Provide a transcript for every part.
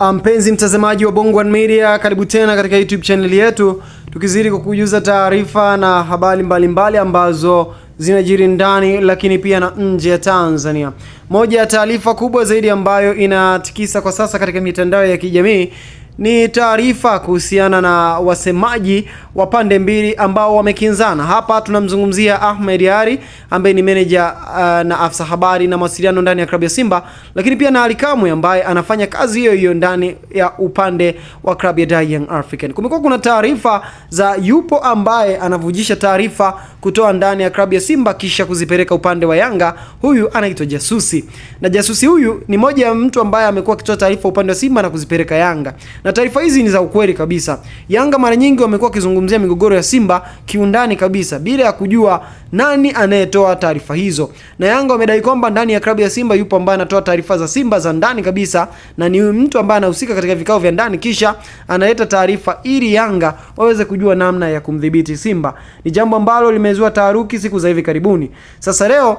Ah, mpenzi mtazamaji wa Bongo One Media, karibu tena katika YouTube channel yetu, tukizidi kukujuza taarifa na habari mbalimbali ambazo zinajiri ndani lakini pia na nje ya Tanzania. Moja ya taarifa kubwa zaidi ambayo inatikisa kwa sasa katika mitandao ya kijamii ni taarifa kuhusiana na wasemaji wa pande mbili ambao wamekinzana. Hapa tunamzungumzia Ahmed Ally ambaye ni meneja uh, na afisa habari na mawasiliano ndani ya klabu ya Simba, lakini pia na Ally Kamwe ambaye anafanya kazi hiyo hiyo ndani ya upande wa klabu ya Young African. Kumekuwa kuna taarifa za yupo ambaye anavujisha taarifa kutoa ndani ya klabu ya Simba kisha kuzipeleka upande wa Yanga. Huyu anaitwa jasusi, na jasusi huyu ni moja ya mtu ambaye amekuwa akitoa taarifa upande wa Simba na kuzipeleka Yanga na na taarifa hizi ni za ukweli kabisa. Yanga mara nyingi wamekuwa wakizungumzia migogoro ya Simba kiundani kabisa bila ya kujua nani anayetoa taarifa hizo, na Yanga wamedai kwamba ndani ya klabu ya Simba yupo ambaye anatoa taarifa za Simba za ndani kabisa, na ni mtu ambaye anahusika katika vikao vya ndani, kisha analeta taarifa ili Yanga waweze kujua namna ya kumdhibiti Simba. Ni jambo ambalo limezua taharuki siku za hivi karibuni. Sasa leo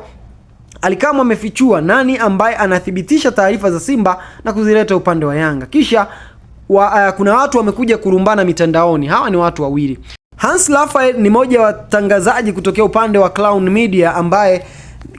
Alikamwe amefichua nani ambaye anathibitisha taarifa za Simba na kuzileta upande wa Yanga kisha wa, uh, kuna watu wamekuja kurumbana mitandaoni. Hawa ni watu wawili. Hans Raphael ni mmoja wa watangazaji kutokea upande wa Clown Media ambaye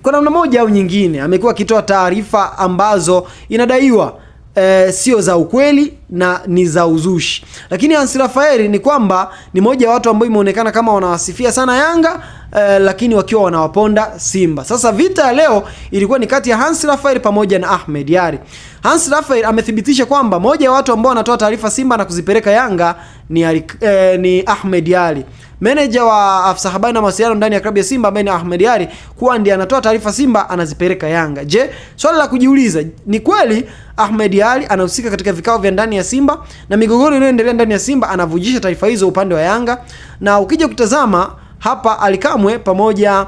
kwa namna moja au nyingine amekuwa akitoa taarifa ambazo inadaiwa E, sio za ukweli na ni za uzushi, lakini Hans Raphael ni kwamba ni moja wa watu ambao imeonekana kama wanawasifia sana Yanga eh, lakini wakiwa wanawaponda Simba. Sasa vita ya leo ilikuwa ni kati ya Hans Rafael pamoja na Ahmed Yari. Hans Rafael amethibitisha kwamba moja ya watu ambao wanatoa taarifa Simba na kuzipeleka Yanga ni, eh, ni Ahmed Yari. Meneja wa afisa habari na mawasiliano ndani ya klabu ya Simba ambaye ni Ahmed Yari kuwa ndiye anatoa taarifa Simba anazipeleka Yanga. Je, swali la kujiuliza ni kweli Ahmed Yari anahusika katika vikao vya ndani ya Simba na migogoro inayoendelea ndani ya Simba anavujisha taarifa hizo upande wa Yanga? Na ukija kutazama hapa Alikamwe pamoja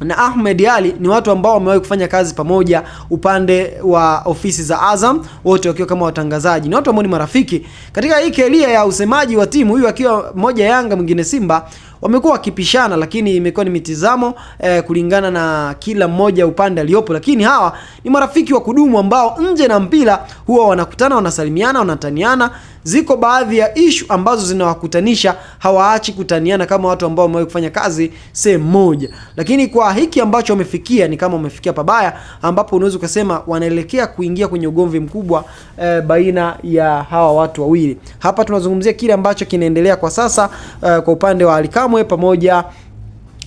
na Ahmed Ali ni watu ambao wamewahi kufanya kazi pamoja upande wa ofisi za Azam, wote wakiwa kama watangazaji, ni watu ambao ni marafiki. Katika hii kelia ya usemaji wa timu, huyu akiwa moja Yanga, mwingine Simba, wamekuwa wakipishana, lakini imekuwa ni mitizamo eh, kulingana na kila mmoja upande aliyopo, lakini hawa ni marafiki wa kudumu ambao nje na mpira huwa wanakutana, wanasalimiana, wanataniana. Ziko baadhi ya ishu ambazo zinawakutanisha, hawaachi kutaniana kama watu ambao wamewahi kufanya kazi sehemu moja, lakini kwa hiki ambacho wamefikia ni kama wamefikia pabaya, ambapo unaweza ukasema wanaelekea kuingia kwenye ugomvi mkubwa eh, baina ya hawa watu wawili. Hapa tunazungumzia kile ambacho kinaendelea kwa sasa eh, kwa upande wa Alikamwe Kamwe pamoja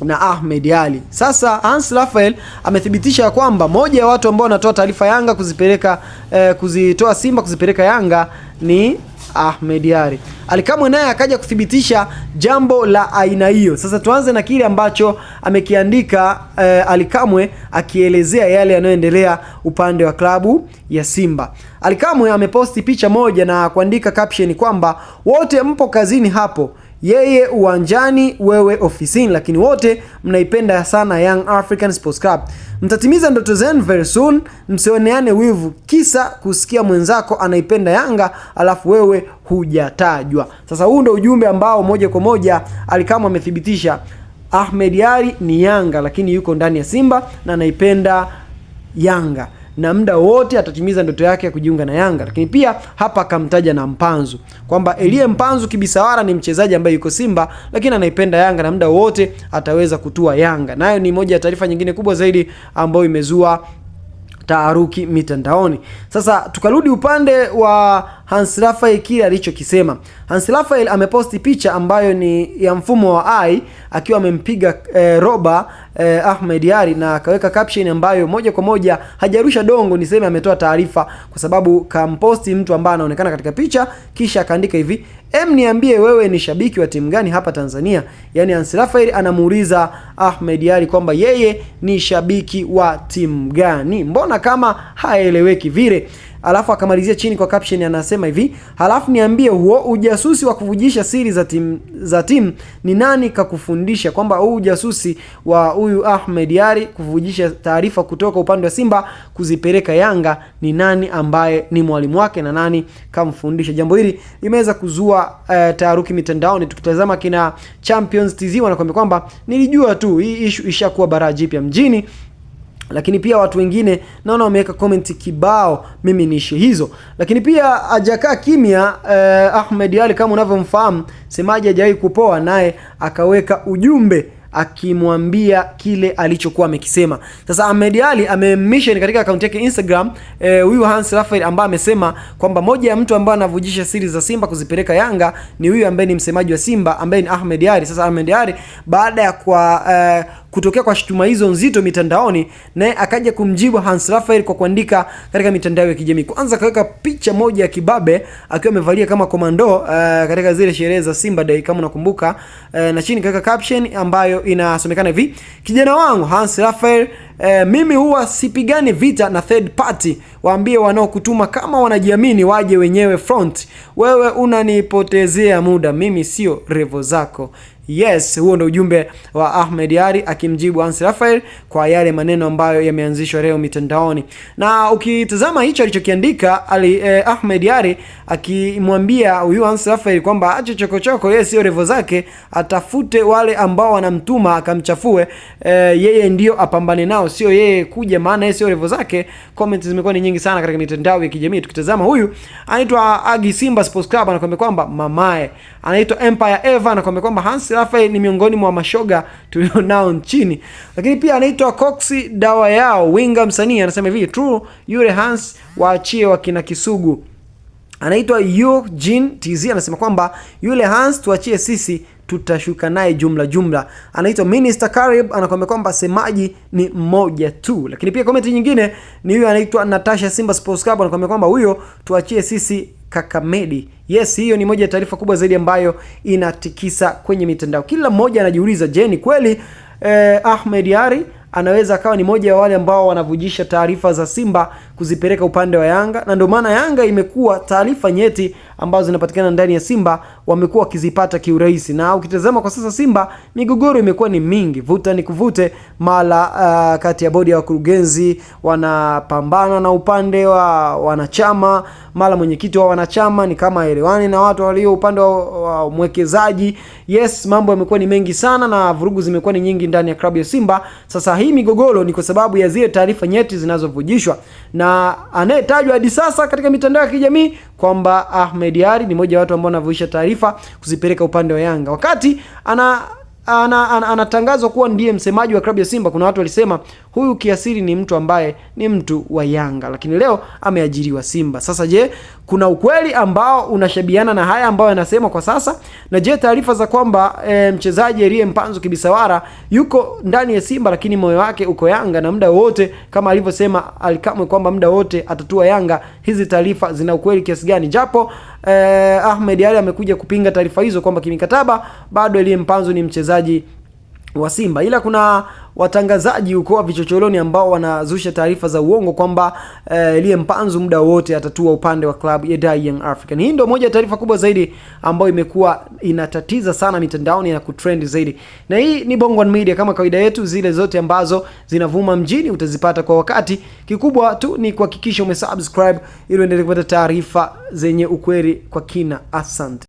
na Ahmed Ali. Sasa Hans Raphael amethibitisha kwamba moja ya watu ambao wanatoa taarifa Yanga kuzipeleka eh, kuzitoa Simba kuzipeleka Yanga ni Ahmed Ali. Alikamwe naye akaja kuthibitisha jambo la aina hiyo. Sasa tuanze na kile ambacho amekiandika eh, Alikamwe akielezea yale yanayoendelea upande wa klabu ya Simba. Alikamwe ameposti picha moja na kuandika caption kwamba wote mpo kazini hapo yeye uwanjani, wewe ofisini, lakini wote mnaipenda sana Young African Sports Club. Mtatimiza ndoto zenu very soon, msioneane wivu kisa kusikia mwenzako anaipenda Yanga alafu wewe hujatajwa. Sasa huu ndio ujumbe ambao moja kwa moja Alikama amethibitisha Ahmed Ally ni Yanga, lakini yuko ndani ya Simba na anaipenda Yanga na muda wote atatimiza ndoto yake ya kujiunga na Yanga. Lakini pia hapa akamtaja na Mpanzu kwamba Elie Mpanzu kibisawara ni mchezaji ambaye yuko Simba lakini anaipenda Yanga na muda wote ataweza kutua Yanga. Nayo ni moja ya taarifa nyingine kubwa zaidi ambayo imezua taharuki mitandaoni. Sasa tukarudi upande wa Hans Raphael kile alichokisema. Hans Raphael ameposti picha ambayo ni ya mfumo wa AI akiwa amempiga e, eh, roba e, eh, Ahmed Yari na akaweka caption ambayo moja kwa moja hajarusha dongo, niseme ametoa taarifa, kwa sababu kamposti mtu ambaye anaonekana katika picha, kisha akaandika hivi Em, niambie wewe ni shabiki wa timu gani hapa Tanzania? Yaani Hans Raphael anamuuliza Ahmed Yari kwamba yeye ni shabiki wa timu gani, mbona kama haeleweki vile alafu akamalizia chini kwa caption anasema hivi, halafu niambie huo ujasusi wa kuvujisha siri za timu za timu ni nani kakufundisha? Kwamba huu ujasusi wa huyu Ahmed Yari kuvujisha taarifa kutoka upande wa Simba kuzipeleka Yanga ni nani ambaye ni mwalimu wake na nani kamfundisha? Jambo hili limeweza kuzua uh, taharuki mitandaoni. Tukitazama kina Champions TV wanakuambia kwamba nilijua tu hii ishu ishakuwa baraa jipya mjini lakini pia watu wengine naona wameweka comment kibao, mimi niishi hizo. Lakini pia ajaka kimya eh, Ahmed Ali kama unavyomfahamu semaji hajawahi kupoa, naye akaweka ujumbe akimwambia kile alichokuwa amekisema. Sasa Ahmed Ali amemission katika akaunti yake Instagram eh, huyu eh, Hans rafael ambaye amesema kwamba moja ya mtu ambaye anavujisha siri za Simba kuzipeleka Yanga ni huyu ambaye ni msemaji wa Simba ambaye ni Ahmed Ali. Sasa Ahmed Ali baada ya kwa eh, kutokea kwa shutuma hizo nzito mitandaoni, naye akaja kumjibu Hans Raphael kwa kuandika katika mitandao ya kijamii. Kwanza akaweka picha moja ya kibabe akiwa amevalia kama komando uh, katika zile sherehe za Simba Day kama unakumbuka, uh, na chini kaweka caption ambayo inasomekana hivi: kijana wangu Hans Raphael Eh, mimi huwa sipigani vita na third party. Waambie wanaokutuma kama wanajiamini waje wenyewe front. Wewe unanipotezea muda, mimi sio revo zako yes. Huo ndio ujumbe wa Ahmed Ally akimjibu Hans Raphael kwa yale maneno ambayo yameanzishwa leo mitandaoni, na ukitazama hicho alichokiandika ali, eh, Ahmed Ally akimwambia huyu Hans Raphael kwamba ache chokochoko yeye, sio revo zake, atafute wale ambao wanamtuma akamchafue, eh, yeye ndio apambane nao, sio yeye kuja, maana yeye sio revo zake. Comments zimekuwa ni nyingi sana katika mitandao ya kijamii. Tukitazama huyu anaitwa Agi Simba Sports Club anakuambia kwamba mamae, anaitwa Empire Eva anakuambia kwamba Hans Shafe ni miongoni mwa mashoga tulionao nchini, lakini pia anaitwa Cox dawa yao winga msanii anasema hivi true yule Hans waachie wakina Kisugu. Anaitwa Eugene TZ anasema kwamba yule Hans tuachie sisi tutashuka naye jumla jumla. Anaitwa Minister Karib anakuambia kwamba semaji ni mmoja tu. Lakini pia komenti nyingine ni huyo anaitwa Natasha Simba Sports Club anakuambia kwamba huyo tuachie sisi Kakamedi. Yes, hiyo ni moja ya taarifa kubwa zaidi ambayo inatikisa kwenye mitandao. Kila mmoja anajiuliza, je, ni kweli eh, Ahmed Ally anaweza akawa ni moja ya wale ambao wanavujisha taarifa za Simba kuzipeleka upande wa Yanga? Na ndio maana Yanga imekuwa taarifa nyeti ambazo zinapatikana ndani ya Simba wamekuwa wakizipata kiurahisi, na ukitazama kwa sasa Simba migogoro imekuwa ni mingi, vuta ni kuvute mala uh, kati ya bodi ya wakurugenzi wanapambana na upande wa wanachama, mala mwenyekiti wa wanachama ni kama elewani na watu walio upande wa mwekezaji. Yes, mambo yamekuwa ni mengi sana na vurugu zimekuwa ni nyingi ndani ya klabu ya Simba. Sasa hii migogoro ni kwa sababu ya zile taarifa nyeti zinazovujishwa na anayetajwa hadi sasa katika mitandao ya kijamii kwamba Ahmed Ahmed ni mmoja wa watu ambao wanavyoisha taarifa kuzipeleka upande wa Yanga wakati ana anatangazwa ana, ana, ana kuwa ndiye msemaji wa klabu ya Simba. Kuna watu walisema Huyu kiasiri ni mtu ambaye ni mtu wa Yanga, lakini leo ameajiriwa Simba. Sasa je, kuna ukweli ambao unashabiana na haya ambayo yanasemwa kwa sasa? Na je, taarifa za kwamba e, mchezaji Elie Mpanzu Kibisawara yuko ndani ya Simba lakini moyo wake uko Yanga na muda wote kama alivyosema Alikamwe kwamba muda wote atatua Yanga, hizi taarifa zina ukweli kiasi gani? Japo e, Ahmed Ali amekuja kupinga taarifa hizo kwamba kimikataba bado Elie mpanzo ni mchezaji wa Simba ila kuna watangazaji huko wa vichochoroni ambao wanazusha taarifa za uongo kwamba eh, Lie Mpanzu muda wote atatua upande wa klabu ya Young African. Hii ndio moja ya taarifa kubwa zaidi ambayo imekuwa inatatiza sana mitandaoni na kutrend zaidi, na hii ni Bongo One Media. Kama kawaida yetu, zile zote ambazo zinavuma mjini utazipata kwa wakati. Kikubwa tu ni kuhakikisha umesubscribe ili uendelee kupata taarifa zenye ukweli kwa kina. Asante.